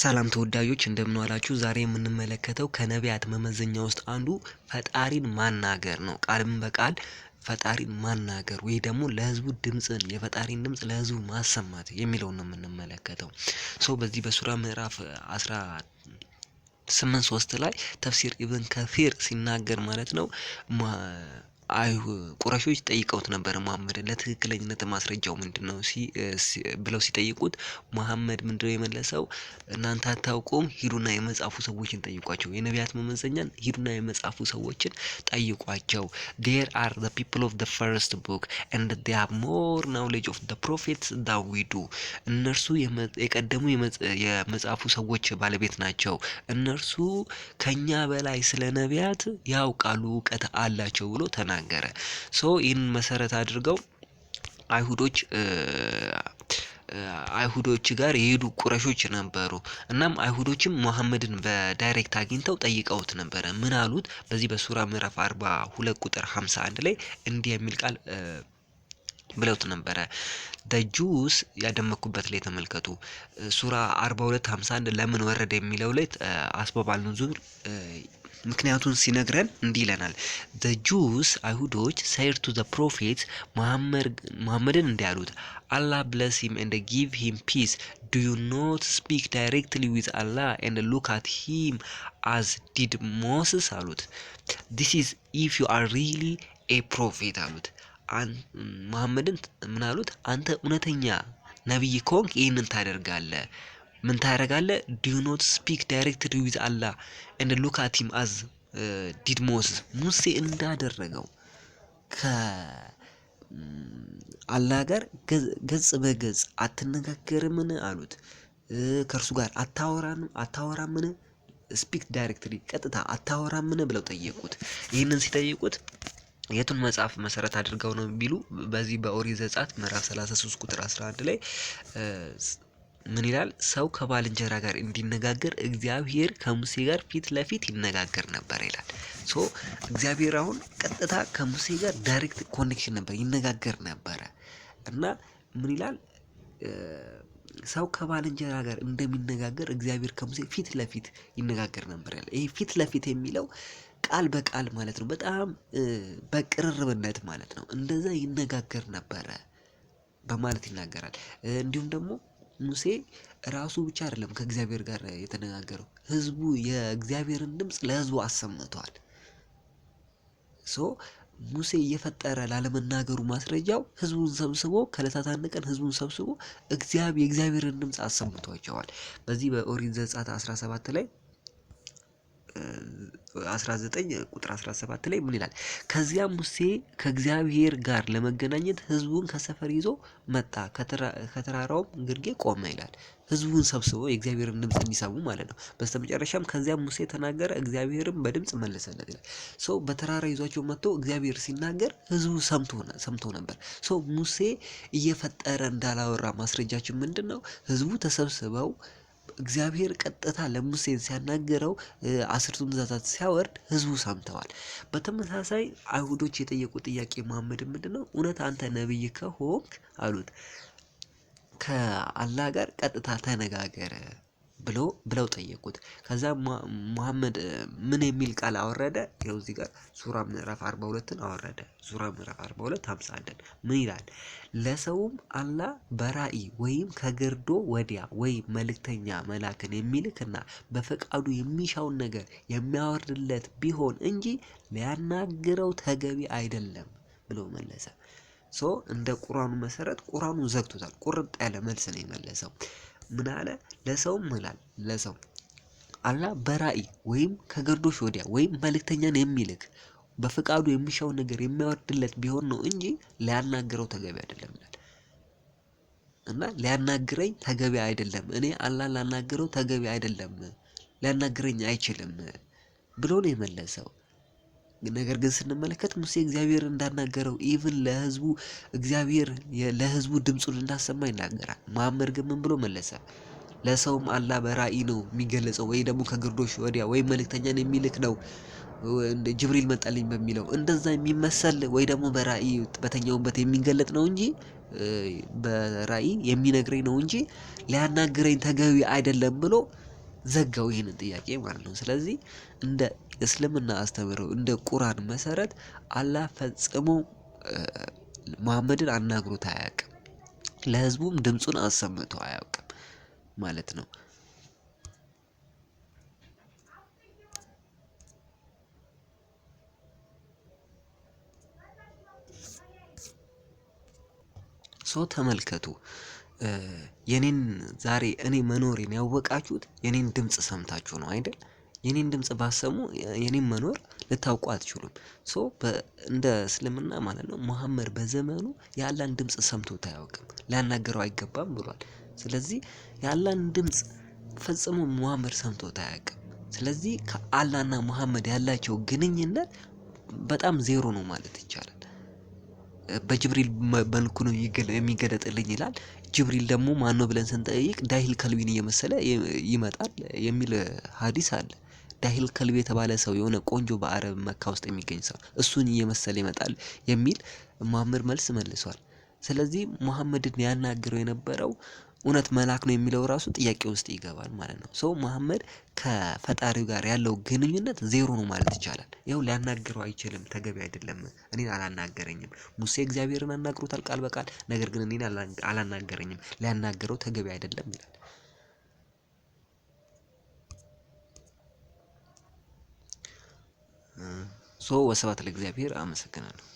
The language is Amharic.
ሰላም ተወዳጆች እንደምን ዋላችሁ። ዛሬ የምንመለከተው ከነቢያት መመዘኛ ውስጥ አንዱ ፈጣሪን ማናገር ነው። ቃልም በቃል ፈጣሪን ማናገር ወይ ደግሞ ለህዝቡ ድምፅን የፈጣሪን ድምፅ ለህዝቡ ማሰማት የሚለውን ነው የምንመለከተው። ሰው በዚህ በሱራ ምዕራፍ አስራ ስምንት ሶስት ላይ ተፍሲር ኢብን ከፊር ሲናገር ማለት ነው ቁረሾች ጠይቀውት ነበር መሐመድን ለትክክለኝነት ማስረጃው ምንድነው? ብለው ሲጠይቁት መሐመድ ምንድነው የመለሰው? እናንተ አታውቁም ሂዱና የመጽሐፉ ሰዎችን ጠይቋቸው የነቢያት መመዘኛን ሂዱና የመጽሐፉ ሰዎችን ጠይቋቸው። ዴር አር ዘ ፒፕል ኦፍ ዘ ፈርስት ቡክ ኤንድ ዴ ሃቭ ሞር ናውሌጅ ኦፍ ዘ ፕሮፌትስ ዊ ዱ። እነርሱ የቀደሙ የመጽሐፉ ሰዎች ባለቤት ናቸው። እነርሱ ከኛ በላይ ስለ ነቢያት ያውቃሉ፣ እውቀት አላቸው ብሎ ተናገ ተናገረ። ሶ ይህን መሰረት አድርገው አይሁዶች አይሁዶች ጋር የሄዱ ቁረሾች ነበሩ። እናም አይሁዶችም መሐመድን በዳይሬክት አግኝተው ጠይቀውት ነበረ። ምን አሉት? በዚህ በሱራ ምዕራፍ አርባ ሁለት ቁጥር ሀምሳ አንድ ላይ እንዲህ የሚል ቃል ብለውት ነበረ። ደጁስ ያደመኩበት ላይ ተመልከቱ። ሱራ አርባ ሁለት ሀምሳ አንድ ለምን ወረደ የሚለው ላይ አስባብ ምክንያቱን ሲነግረን እንዲህ ይለናል ዘ ጁስ አይሁዶች ሳይድ ቱ ዘ ፕሮፌት መሐመድን እንዲያሉት አላ ብለስ ሂም ኤንድ ጊቭ ሂም ፒስ ዱ ዩ ኖት ስፒክ ዳይሬክትሊ ዊዝ አላ ኤንድ ሉክ አት ሂም አዝ ዲድ ሞስስ አሉት። ዲስ ኢዝ ኢፍ ዩ አር ሪሊ ኤ ፕሮፌት አሉት። መሐመድን ምን አሉት? አንተ እውነተኛ ነቢይ ከሆንክ ይህንን ታደርጋለህ። ምን ታደርጋለህ? ዲኖት ስፒክ ዳይሬክት ዊዝ አላ እንደ ሉካቲም አዝ ዲድሞስ ሙሴ እንዳደረገው ከ አላህ ጋር ገጽ በገጽ አትነጋገርምን አሉት። ከእርሱ ጋር አታወራንም አታወራምን ስፒክ ዳይሬክትሊ ቀጥታ አታወራምን ብለው ጠየቁት። ይህንን ሲጠይቁት የቱን መጽሐፍ መሰረት አድርገው ነው ቢሉ በዚህ በኦሪት ዘጸአት ምዕራፍ 33 ቁጥር 11 ላይ ምን ይላል? ሰው ከባልንጀራ ጋር እንዲነጋገር እግዚአብሔር ከሙሴ ጋር ፊት ለፊት ይነጋገር ነበር ይላል። ሶ እግዚአብሔር አሁን ቀጥታ ከሙሴ ጋር ዳይሬክት ኮኔክሽን ነበር ይነጋገር ነበረ እና ምን ይላል? ሰው ከባልንጀራ ጋር እንደሚነጋገር እግዚአብሔር ከሙሴ ፊት ለፊት ይነጋገር ነበር ይላል። ይሄ ፊት ለፊት የሚለው ቃል በቃል ማለት ነው። በጣም በቅርርብነት ማለት ነው። እንደዛ ይነጋገር ነበረ በማለት ይናገራል። እንዲሁም ደግሞ ሙሴ ራሱ ብቻ አይደለም ከእግዚአብሔር ጋር የተነጋገረው፣ ህዝቡ የእግዚአብሔርን ድምፅ ለህዝቡ አሰምተዋል። ሶ ሙሴ እየፈጠረ ላለመናገሩ ማስረጃው ህዝቡን ሰብስቦ ከዕለታት አንድ ቀን ህዝቡን ሰብስቦ የእግዚአብሔርን ድምፅ አሰምቷቸዋል። በዚህ በኦሪት ዘጸአት 17 ላይ 19 ቁጥር 17 ላይ ምን ይላል? ከዚያ ሙሴ ከእግዚአብሔር ጋር ለመገናኘት ህዝቡን ከሰፈር ይዞ መጣ፣ ከተራራውም ግርጌ ቆመ ይላል። ህዝቡን ሰብስቦ የእግዚአብሔርን ድምፅ እንዲሰሙ ማለት ነው። በስተመጨረሻም ከዚያ ሙሴ ተናገረ፣ እግዚአብሔርም በድምፅ መለሰለት ይላል። ሰው በተራራ ይዟቸው መጥቶ እግዚአብሔር ሲናገር ህዝቡ ሰምቶ ነበር። ሰው ሙሴ እየፈጠረ እንዳላወራ ማስረጃችን ምንድን ነው? ህዝቡ ተሰብስበው እግዚአብሔር ቀጥታ ለሙሴን ሲያናገረው አስርቱን ትእዛዛት ሲያወርድ ህዝቡ ሰምተዋል። በተመሳሳይ አይሁዶች የጠየቁ ጥያቄ መሐመድን ምንድን ነው እውነት አንተ ነቢይ ከሆንክ አሉት ከአላህ ጋር ቀጥታ ተነጋገረ ብሎ ብለው ጠየቁት። ከዛ ሙሐመድ ምን የሚል ቃል አወረደ? ይኸው እዚህ ጋር ሱራ ምዕራፍ 42ን አወረደ። ሱራ ምዕራፍ 42 51 ምን ይላል? ለሰውም አላህ በራእይ ወይም ከግርዶ ወዲያ ወይም መልእክተኛ መላክን የሚልክና በፈቃዱ የሚሻውን ነገር የሚያወርድለት ቢሆን እንጂ ሊያናግረው ተገቢ አይደለም ብሎ መለሰ። ሶ እንደ ቁራኑ መሰረት ቁራኑን ዘግቶታል። ቁርጥ ያለ መልስ ነው የመለሰው። ምን አለ? ለሰውም ምላል ለሰው አላህ በራእይ ወይም ከግርዶሽ ወዲያ ወይም መልእክተኛን የሚልክ በፈቃዱ የሚሻው ነገር የሚያወርድለት ቢሆን ነው እንጂ ሊያናግረው ተገቢ አይደለም ይላል። እና ሊያናግረኝ ተገቢ አይደለም፣ እኔ አላህ ላናግረው ተገቢ አይደለም፣ ሊያናግረኝ አይችልም ብሎ ነው የመለሰው። ነገር ግን ስንመለከት ሙሴ እግዚአብሔር እንዳናገረው ኢቭን ለህዝቡ እግዚአብሔር ለህዝቡ ድምፁን እንዳሰማ ይናገራል። መሐመድ ግን ምን ብሎ መለሰ? ለሰውም አላህ በራእይ ነው የሚገለጸው ወይ ደግሞ ከግርዶሽ ወዲያ ወይም መልእክተኛን የሚልክ ነው ጅብሪል መጣልኝ በሚለው እንደዛ የሚመሰል ወይ ደግሞ በራእይ በተኛውበት የሚገለጥ ነው እንጂ በራእይ የሚነግረኝ ነው እንጂ ሊያናግረኝ ተገቢ አይደለም ብሎ ዘጋው ይህንን ጥያቄ ማለት ነው። ስለዚህ እንደ እስልምና አስተምረው እንደ ቁራን መሰረት አላህ ፈጽሞ መሐመድን አናግሮት አያውቅም፣ ለህዝቡም ድምፁን አሰምቶ አያውቅም ማለት ነው። ሶ ተመልከቱ የኔን ዛሬ እኔ መኖሬን ያወቃችሁት የኔን ድምፅ ሰምታችሁ ነው አይደል? የኔን ድምፅ ባሰሙ የኔን መኖር ልታውቁ አትችሉም። ሶ እንደ እስልምና ማለት ነው መሐመድ በዘመኑ የአላን ድምፅ ሰምቶት አያውቅም፣ ሊያናገረው አይገባም ብሏል። ስለዚህ የአላን ድምፅ ፈጽሞ መሐመድ ሰምቶት አያውቅም። ስለዚህ ከአላና መሐመድ ያላቸው ግንኙነት በጣም ዜሮ ነው ማለት ይቻላል። በጅብሪል መልኩ ነው የሚገለጥልኝ ይላል። ጅብሪል ደግሞ ነው ብለን ስንጠይቅ ዳሂል ከልቢን እየመሰለ ይመጣል የሚል ሀዲስ አለ። ዳሂል ከልቢ የተባለ ሰው የሆነ ቆንጆ በአረብ መካ ውስጥ የሚገኝ ሰው እሱን እየመሰለ ይመጣል የሚል ማምር መልስ መልሷል። ስለዚህ መሐመድን ያናገረው የነበረው እውነት መልአክ ነው የሚለው ራሱ ጥያቄ ውስጥ ይገባል ማለት ነው። ሰው መሀመድ ከፈጣሪው ጋር ያለው ግንኙነት ዜሮ ነው ማለት ይቻላል። ይኸው ሊያናግረው አይችልም፣ ተገቢ አይደለም። እኔን አላናገረኝም። ሙሴ እግዚአብሔርን አናግሮታል ቃል በቃል ነገር ግን እኔን አላናገረኝም፣ ሊያናገረው ተገቢ አይደለም ይላል። ሶ ወስብሐት ለእግዚአብሔር። አመሰግናለሁ።